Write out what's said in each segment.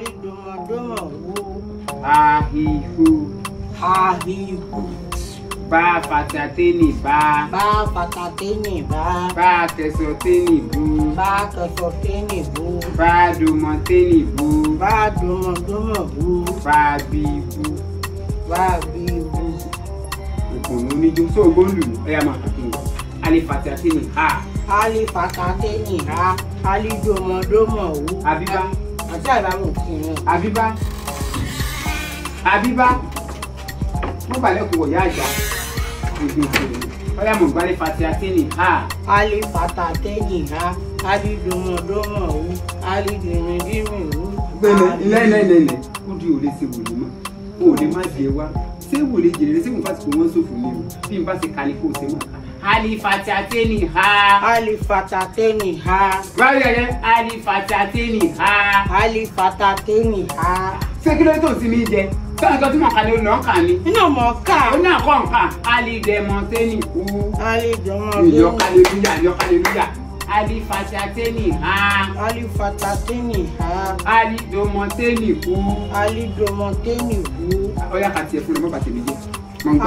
lè dọmọdọmọ wo. ahihu. ahihu. bá a fata tẹ́nì bá. bá a fata tẹ́nì bá. bá a kẹsọ tẹ́nì bó. bá a kẹsọ tẹ́nì bó. bá a dọmọ tẹ́nì bó. bá a dọmọdọmọ wo. bá a bí ibu. bá a bí ibu. òkùnrin oníjó sóògbó lù ú ẹ̀yà máa kàkiri alifati atini ha. alifati atini ha alidomodomo wu. abiba tí àbámu òfin wọn. àbíbá àbíbá mo balẹ̀ kò wọ̀yá àjà òde òkèèrè ọ̀yà mo gbalẹ̀ fati atẹ́nì ha. alẹ́ fata atẹ́nì ha alidomodomo wu alidimidimi wu. gbẹ̀mẹ̀ lẹ́lẹ́lẹ́lẹ́ kúdi ò lè ṣe wòlé mọ́ òde má jẹ wá sẹ́wù lè jèrè sẹ́wù fásitì wọn ṣòfò ní o bí n bá ti kalẹ̀ kó o sẹ́wù. alifata tẹ́ni ha. alifata tẹ́ni ha. báwo yẹ alifata tẹ́ni ha. alifata tẹ́ni ha. sẹ́kílẹ̀ tó ti mi jẹ sọ́nà tó ti mọ̀ kalẹ̀ olùnà kà mi. iná mọ̀ ká. ó ní àkọ́ nǹkan alidẹ̀mọ̀ tẹ́ni o ali fatateni ha. ali fatateni ha. ali domoteni hu. ali domoteni hu. ọyá ka tiẹ̀ fún mi mo bàtẹ mi jẹ.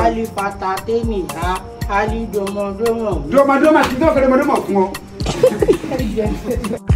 ali fatateni ha. ali domodomo. domodomo àti dọ́kẹ́ domodomo fún ọ.